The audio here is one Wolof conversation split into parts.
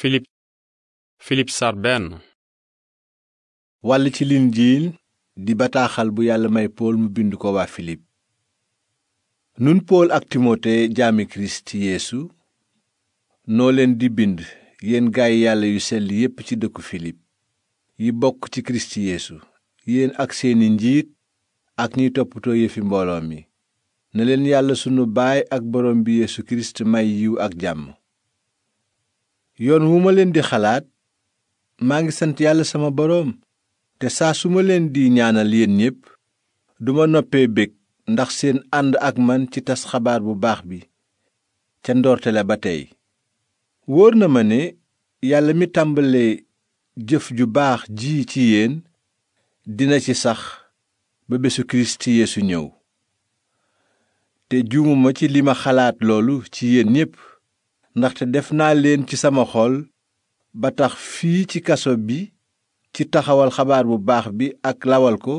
Filip Filip sar benn wàll ci linjiil di bataaxal bu yàlla may pool mu bind ko waa filip nun pool ak timote jaami kirist yeesu noo leen di bind yéen gaay yàlla yu sell yépp ci dëkku filip yi bokk ci kirist yeesu yéen ak seeni njiit ak ñiy toppatoo yëfi mbooloo mi na leen yàlla sunu baay ak borom bi yeesu kirist may yiw ak jàmm yoon wu ma leen di xalaat maa ngi sant yàlla sama boroom te saa su ma leen di ñaanal yéen ñépp duma noppee bég ndax seen ànd ak man ci tas xabaar bu baax bi ca ndoorte la ba tey wóor na ma ne yàlla mi tàmbalee jëf ju baax ji ci yéen dina ci sax ba bésu kirist yeesu ñëw te juumuma ci li ma xalaat loolu ci yéen ñépp ndaxte def naa leen ci sama xol ba tax fii ci kaso bi ci taxawal xabaar bu baax bi ak lawal ko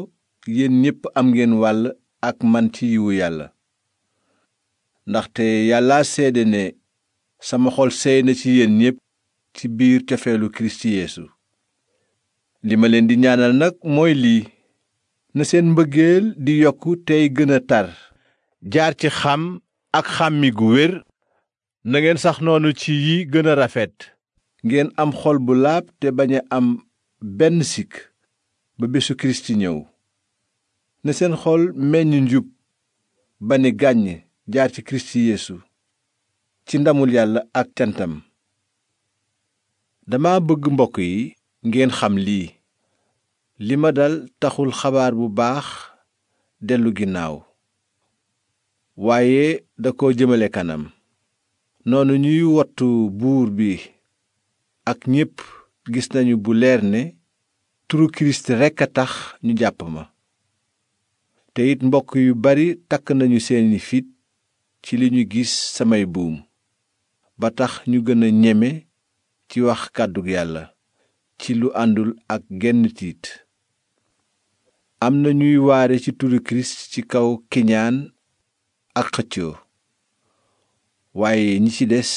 yéen ñépp am ngeen wàll ak man ci yiwu yàlla ndaxte yàlla seede ne sama xol seey na ci yéen ñépp ci biir cofeelu kirist yeesu li ma leen di ñaanal nag mooy lii na seen mbëggeel di yokk tey gën a tar jaar ci xam ak xàmmi gu wér na ngeen sax noonu ci yi gën a rafet ngeen am xol bu laab te bañ a am benn sikk ba bésu kirist ñëw ne seen xol meññ njub ba ni gàññ jaar ci kirist yeesu ci ndamul yàlla ak cantam dama bëgg mbokk yi ngeen xam lii li ma dal taxul xabaar bu baax dellu ginnaaw waaye da ko jëmale kanam noonu ñuy wattu buur bi ak ñépp gis nañu bu leer ne turu kirist rekk a tax ñu jàpp ma te it mbokk yu bari takk nañu seeni fit ci li ñu gis samay buum ba tax ñu gën a ñeme ci wax kàddu yàlla ci lu àndul ak genn tiit am na ñuy waare ci turu kirist ci kaw kiñaan ak xëccoo waaye ñi ci des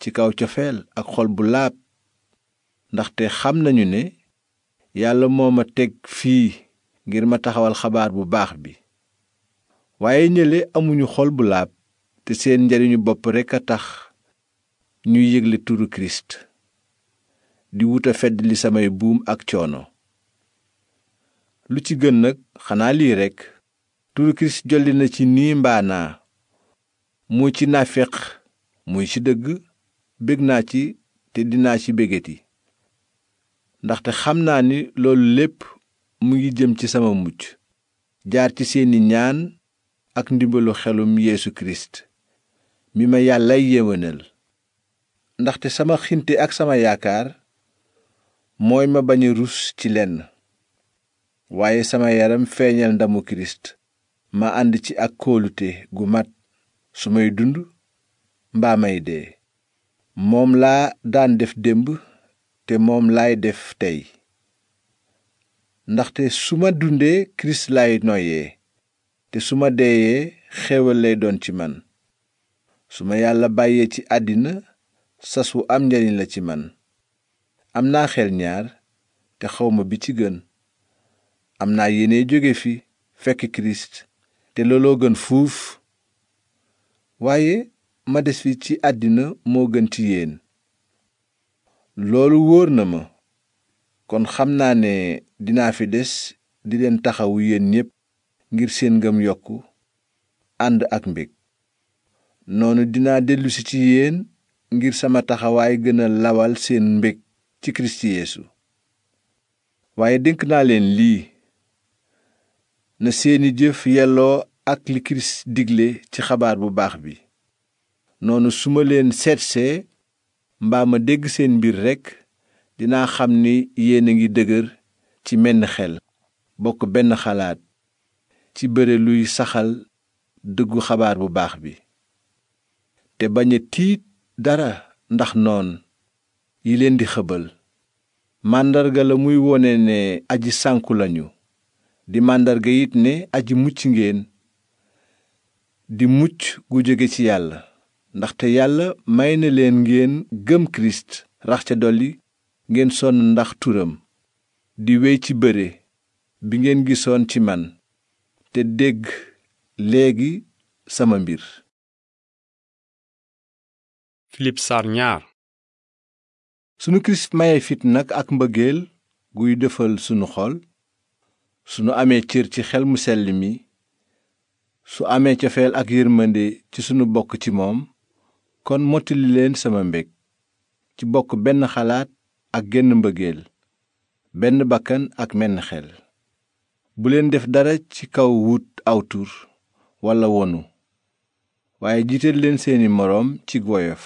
ci kaw cofeel ak xol bu laab ndaxte xam nañu ne yàlla moo ma teg fii ngir ma taxawal xabaar bu baax bi waaye ñële amuñu xol bu laab te seen njariñu bopp rekk a tax ñuy yégle turu kirist di wut a fedd li samay buum ak coono lu ci gën nag xanaa lii rekk turu kirist jolli na ci nii mbaa muy ci naaféq muy ci dëgg bég naa ci te dinaa ci bégeti ndaxte xam naa ni loolu lépp mu ngi jëm ci sama mucc jaar ci seeni ñaan ak ndimbalu xelum Yeesu Kirist mi ma yàllay yéwénal ndaxte sama xinte ak sama yaakaar mooy ma bañ rus ci lenn waaye sama yaram feeñal ndamu Kirist ma ànd ci ak kóolute gu mat su may dund mbaa may dee moom laa daan def démb te moom laay def tey ndaxte su ma dundee kirist laay noyyee te su ma deeyee xéewal lay doon ci man su ma yàlla bàyyee ci àddina sas wu am njariñ la ci man am naa xel ñaar te xawma bi ci gën am naa yéene jóge fi fekk kirist te looloo gën fuuf waaye ma des fi ci àddina moo gën ci yéen loolu wóor na ma kon xam naa ne dinaa fi des di leen taxawu yéen ñépp ngir seen ngëm yokk ànd ak mbég noonu dinaa dellusi ci yéen ngir sama taxawaay gëna lawal seen mbég ci kirist yeesu waaye dénk naa leen lii na seeni jëf yelloo ak li kirist digle ci xabaar bu baax bi noonu su ma leen seetsee mbaam a dégg seen mbir rekk dinaa xam ni yéen a ngi dëgër ci menn xel bokk benn xalaat ci bëre luy saxal dëggu xabaar bu baax bi te bañ a tiit dara ndax noon yi leen di xëbal màndarga la muy wone ne aji sànku lañu di màndarga yit ne aji mucc ngeen di mucc gu jóge ci yàlla ndaxte yàlla may na leen ngeen gëm kirist rax ca dolli ngeen sonn ndax turam di wéy ci bëre bi ngeen gisoon ci man te dégg léegi sama mbir Filip saar ñaar sunu kirist maye fit nag ak mbëggeel guy defal sunu xol nu amee cër ci xel mu sell mi su amee cofeel ak yërmande ci sunu bokk ci moom kon mottali leen sama mbég ci bokk benn xalaat ak genn mbëggeel benn bakkan ak menn xel bu leen def dara ci kaw wut aw tur walla wonu waaye jiital leen seeni moroom ci woyof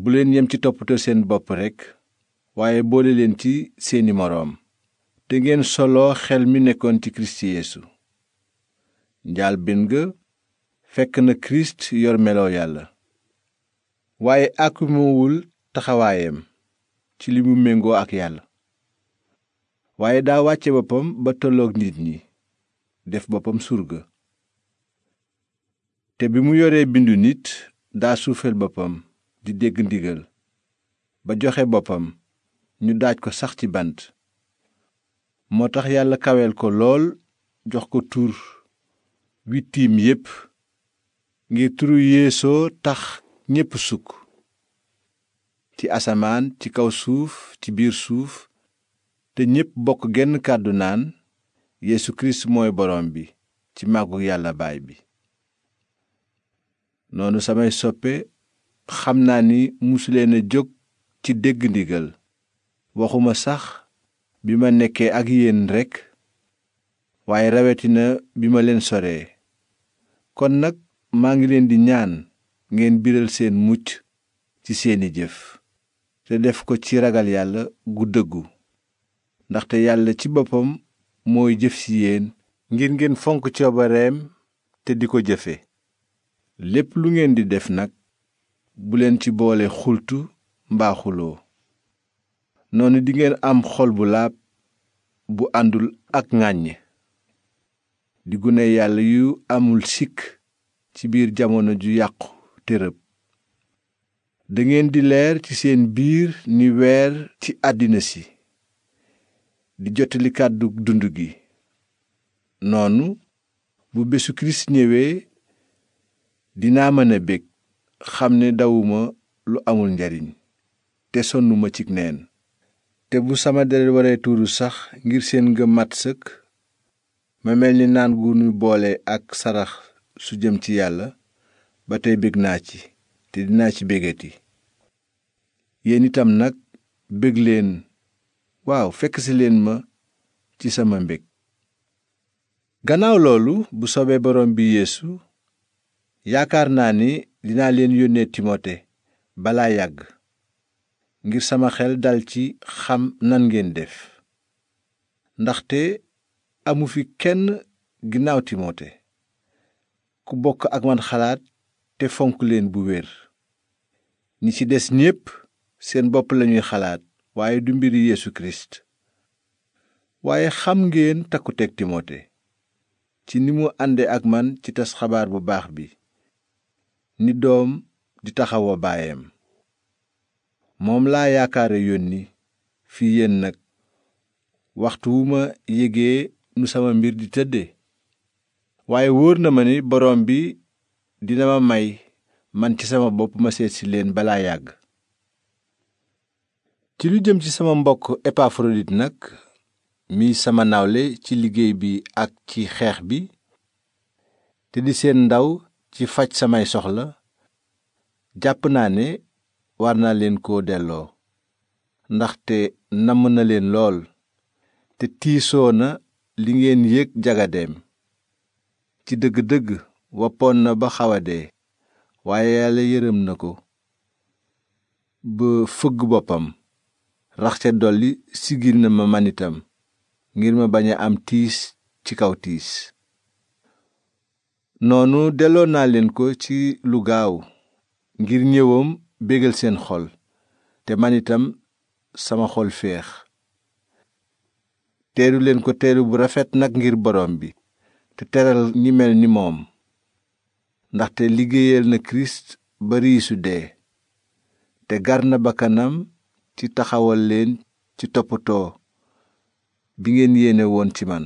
bu leen yem ci toppatoo seen bopp rekk waaye boole leen ci seeni moroom te ngeen soloo xel mi nekkoon ci kirist yeesu njaal ben ga fekk na kirist yor melo yàlla waaye àkkumoowul taxawaayam ci li mu méngoo ak yàlla waaye daa wàcce boppam ba tolloog nit ñi def boppam surga te bi mu yoree bindu nit daa suufeel boppam di dégg ndigal ba joxe boppam ñu daaj ko sax ci bant moo tax yàlla kaweel ko lool jox ko tur wi tiim yépp ngir turu yéesoo tax ñépp sukk ci asamaan ci kaw suuf ci biir suuf te ñépp bokk genn kàddu naan Yeesu Kirist mooy borom bi ci màggu yàlla baay bi noonu samay soppe xam naa ni musuleen a jóg ci dégg ndigal waxuma sax bi ma nekkee ak yéen rekk waaye rawetina bi ma leen soree kon nag maa ngi leen di ñaan ngeen biral seen mucc ci seeni jëf te def ko ci ragal yàlla gu dëggu ndaxte yàlla ci boppam mooy jëf ci yéen ngir ngeen fonk coobareem te di ko jëfe lépp lu ngeen di def nag bu leen ci boole xultu mbaaxuloo noonu dingeen am xol bu laab bu àndul ak ŋàññ di gune yàlla yu amul sikk ci biir jamono ju yàqu tërëb dangeen di leer ci seen biir ni weer ci àddina si di jottali kàddu dund gi noonu bu bésu kirist ñëwee dinaa mëna a bég xam ne dawuma lu amul njariñ te sonnuma cig neen te bu sama deret waree sax ngir seen ngëm mat sëkk ma mel ni naan gu nu boole ak sarax su jëm ci yàlla ba tey bég naa ci te dinaa ci bégati yéen itam nag bég leen waaw fekk si leen ma ci sama mbég gannaaw loolu bu sobee borom bi yeesu yaakaar naa ni dinaa leen yónnee timote balaa yàgg ngir sama xel dal ci xam nan ngeen def ndaxte amu fi kenn ginnaaw timote ku bokk ak man xalaat te fonk leen bu wér ñi ci des ñépp seen bopp lañuy xalaat waaye du mbiri Yeesu Kirist waaye xam ngeen takkuteg timote ci ni mu àndee ak man ci tas xabaar bu baax bi ni doom di taxawa baayam moom laa yaakaare yónni fii yéen nag waxtu ma yégee nu sama mbir di tëdde waaye wóor na ma ni boroom bi dina ma may man ci sama bopp ma seet si leen balaa yàgg ci lu jëm ci sama mbokk Epafrodit nag mi sama nawle ci liggéey bi ak ci xeex bi te di seen ndaw ci faj samay soxla jàpp naa ne war naa leen koo delloo ndaxte namm na leen lool te tiisoo na li ngeen yëg jagadeem ci dëgg-dëgg wappoon na ba xawa dee waaye yàlla yërëm na ko ba fëgg boppam rax ca dolli sigil na ma manitam ngir ma bañ a am tiis ci kaw tiis noonu delloo naa leen ko ci lu gaaw ngir ñëwam bégal seen xol te manitam sama xol feex teeru ko teeru bu rafet nag ngir borom bi te teral ñi mel ni moom ndaxte liggéeyal na kirist ba riisu dee te gar na bakkanam ci taxawal leen ci toppatoo bi ngeen yéene woon ci man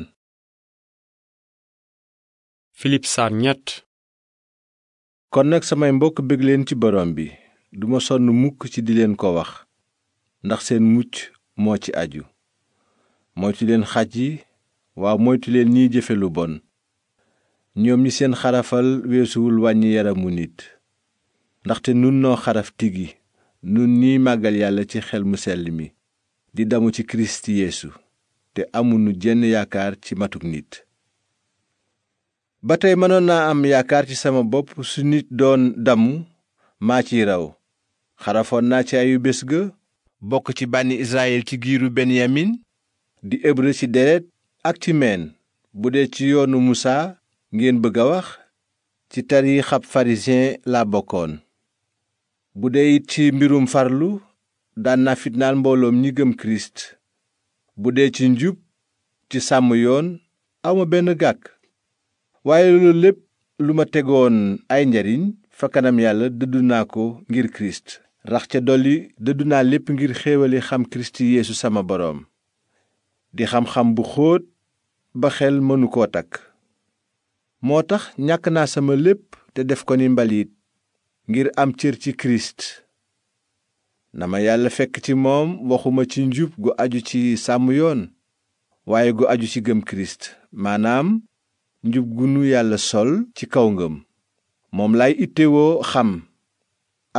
Filip ñett kon nag samay mbokk bég leen ci borom bi duma sonn mukk ci di leen ko wax ndax seen mucc moo ci aju moytu leen xaj yi waaw moytu leen ñiy jëfe lu bon ñoom ñi seen xarafal weesuwul wàññi yaramu nit ndaxte nun noo xaraf tigi nun ñiy màggal yàlla ci xel mu sell mi di damu ci kirist yeesu te amunu jenn yaakaar ci matuk nit ba tey mënoon naa am yaakaar ci sama bopp su nit doon damu maa ciy raw xarafoon naa ci ayu bés ga bokk ci bànni israyil ci giiru benyamin di hébreu ci deret ak ci meen bu dee ci yoonu musaa ngeen bëgg a wax ci xab pharisien la bokkoon bu dee it ci mbirum farlu daan na fitnaal mbooloom ñi gëm kirist bu dee ci njub ci sàmm yoon awma benn gàkk waaye loolu lépp lu ma tegoon ay njariñ fa kanam yàlla dëddu naa ko ngir kirist rax ca dolli dëddu naa lépp ngir xéewali xam kirist yéesu sama boroom di xam-xam bu xóot ba xel mënu koo takk moo tax ñàkk naa sama lépp te def ko ni mbaliit ngir am cër ci kirist na ma yàlla fekk ci moom waxuma ci njub gu aju ci sàmm yoon waaye gu aju ci gëm kirist maanaam njub gu nu yàlla sol ci kaw ngëm moom lay ittewoo xam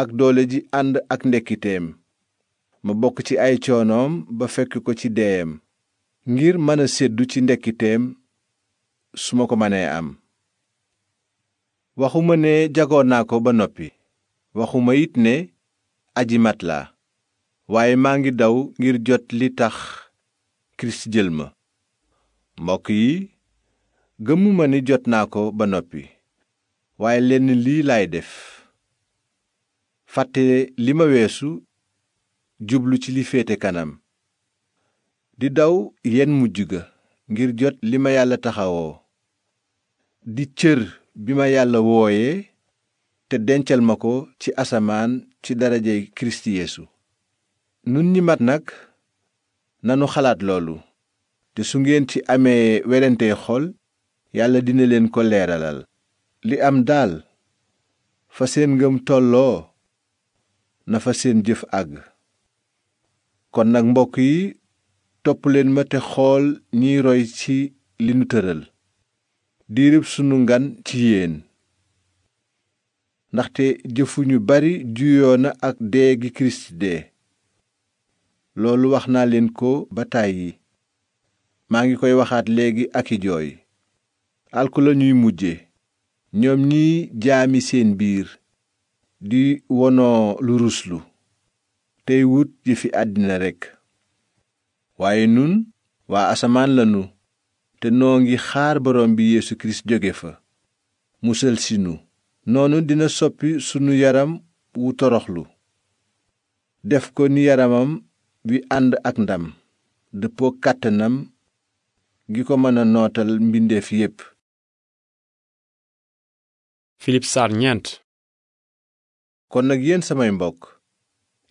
ak doole ji ànd ak ndekkiteem ma bokk ci ay coonoom ba fekk ko ci deeyam ngir mën a séddu ci ndekkiteem su ma ko mënee am waxuma ne jagoon naa ko ba noppi waxuma it ne aji mat waaye maa ngi daw ngir jot li tax kirist jël ma mbokk yi gëmuma ni jot naa ko ba noppi waaye lenn lii laay def fàtte li ma weesu jublu ci li féete kanam di daw yenn mujj ga ngir jot li ma yàlla taxawoo di cër bi ma yàlla wooyee te dencal ma ko ci asamaan ci darajey kirist yeesu nun ñi mat nag nanu xalaat loolu te su ngeen ci amee werantee xol yàlla dina leen ko leeralal li am daal fa seen ngëm tolloo na fa seen jëf àgg kon nag mbokk yi topp leen ma te xool ñiy roy ci li nu tëral diirib sunu ngan ci yéen ndaxte jëfu ñu bari juyoo ak dee gi kirist dee loolu wax naa leen ko ba tàyyi maa ngi koy waxaat léegi ak i jooy alku ñuy mujje ñoom ñiy jaami seen biir di wonoo lu ruslu tey wut yi fi àddina rekk waaye nun waa asamaan lanu te noo ngi xaar borom bi Yeesu Kirist jóge fa musal si nu noonu dina soppi sunu yaram wu toroxlu def ko ni yaramam wi ànd ak ndam dëppoo kàttanam gi ko mën a nootal mbindeef yépp Filip saar kon nag yéen samay mbokk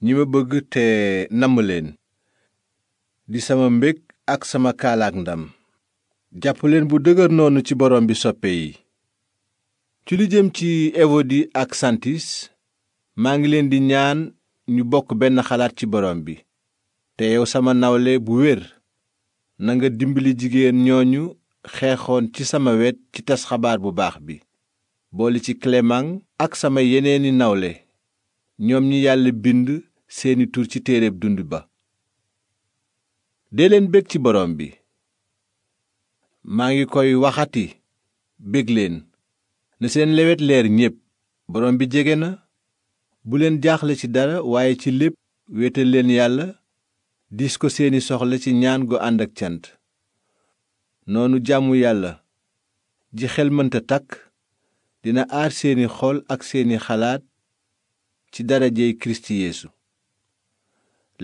ñi bëgg te namm leen di sama mbég ak sama kaalaak ndam jàpp leen bu dëgër noonu ci borom bi soppe yi ci lu jëm ci ewodi ak santis maa ngi leen di ñaan ñu bokk benn xalaat ci borom bi te yow sama nawle bu wér nanga dimbali jigéen ñooñu xeexoon ci sama wet ci tas xabaar bu baax bi boole ci clémaŋ ak sama yeneeni nawle ñoom ñi yàlla bind seeni tur ci téere dund ba dee bég ci borom bi maa ngi koy waxati bég leen na seen lewet leer ñépp borom bi jege na bu leen jaaxle ci dara waaye ci lépp wéetal leen yàlla diis ko seeni soxla ci ñaan gu ànd ak cant noonu jàmmu yàlla ji xel mënta takk dina aar seeni xol ak seeni xalaat ci dara darajey kirist yéesu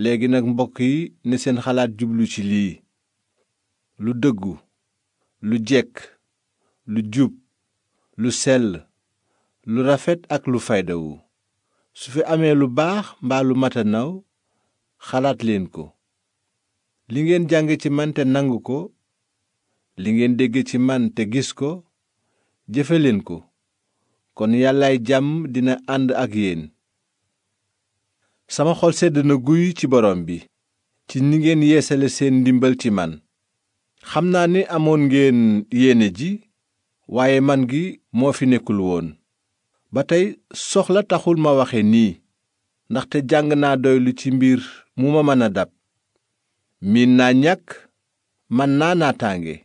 léegi nag mbokk yi ne seen xalaat jublu ci lii lu dëggu lu jekk lu jub lu sell lu rafet ak lu faydawu su fi amee lu baax mbaa lu mat a naw xalaat leen ko li ngeen jàng ci man te nangu ko li ngeen dégg ci man te gis ko jëfe leen ko kon yàllaay jàmm dina ànd ak yéen sama xol sedd na guy ci borom bi ci ni ngeen yeesale seen ndimbal ci man xam naa ni amoon ngeen yéene ji waaye man gi moo fi nekkul woon ba tey soxla taxul ma waxe nii ndaxte jàng naa doylu ci mbir mu ma mën a dab miin naa ñàkk man naa naataange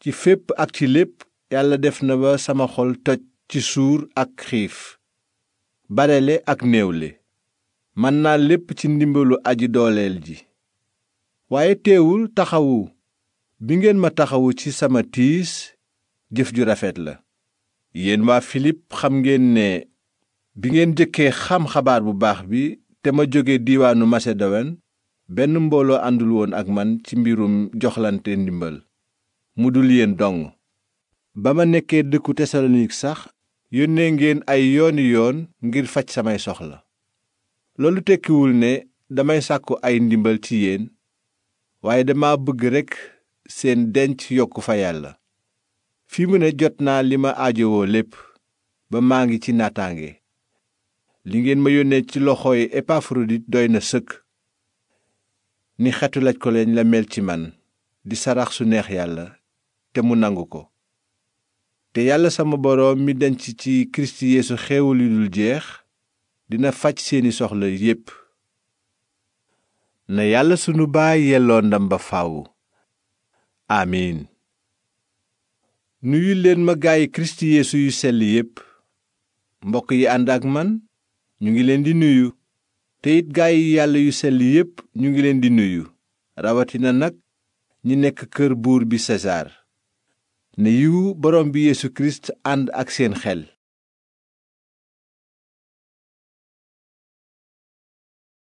ci fépp ak ci lépp yàlla def na ba sama xol toj ci suur ak xiif barele ak néewle man naa lépp ci ndimbalu aji dooleel ji waaye teewul taxawu bi ngeen ma taxawu ci sama tiis jëf ju rafet la yéen waa Filip xam ngeen ne bi ngeen jëkkee xam xabaar bu baax bi te ma jóge diiwaanu Masedowen benn mbooloo àndul woon ak man ci mbirum joxlante ndimbal mu dul yéen dong ba ma nekkee dëkku Tesalonik sax yónnee ngeen ay yooni yoon ngir faj samay soxla loolu tekkiwul ne damay sàkku ay ndimbal ci yéen waaye dama bëgg rekk seen denc yokku fa yàlla fi mu ne jot naa li ma aajowoo lépp ba maa ngi ci naataange li ngeen ma yónnee ci loxooy Epafrodit doy na sëkk ni xetu laj ko leen la mel ci man di sarax su neex yàlla te mu nangu ko te yàlla sama boroom mi denc ci Kirist Yeesu xéewal yu dul jeex dina faj seeni soxla yépp na yàlla sunu baay yelloo ndam ba fàww amiin nuyu leen ma gaayi kirist yeesu yu sell yépp mbokk yi ànd ak man ñu ngi leen di nuyu te it yi yàlla yu sell yépp ñu ngi leen di nuyu rawatina nag ñi nekk kër buur bi sesaar ne yiwu borom bi yeesu kirist ànd ak seen xel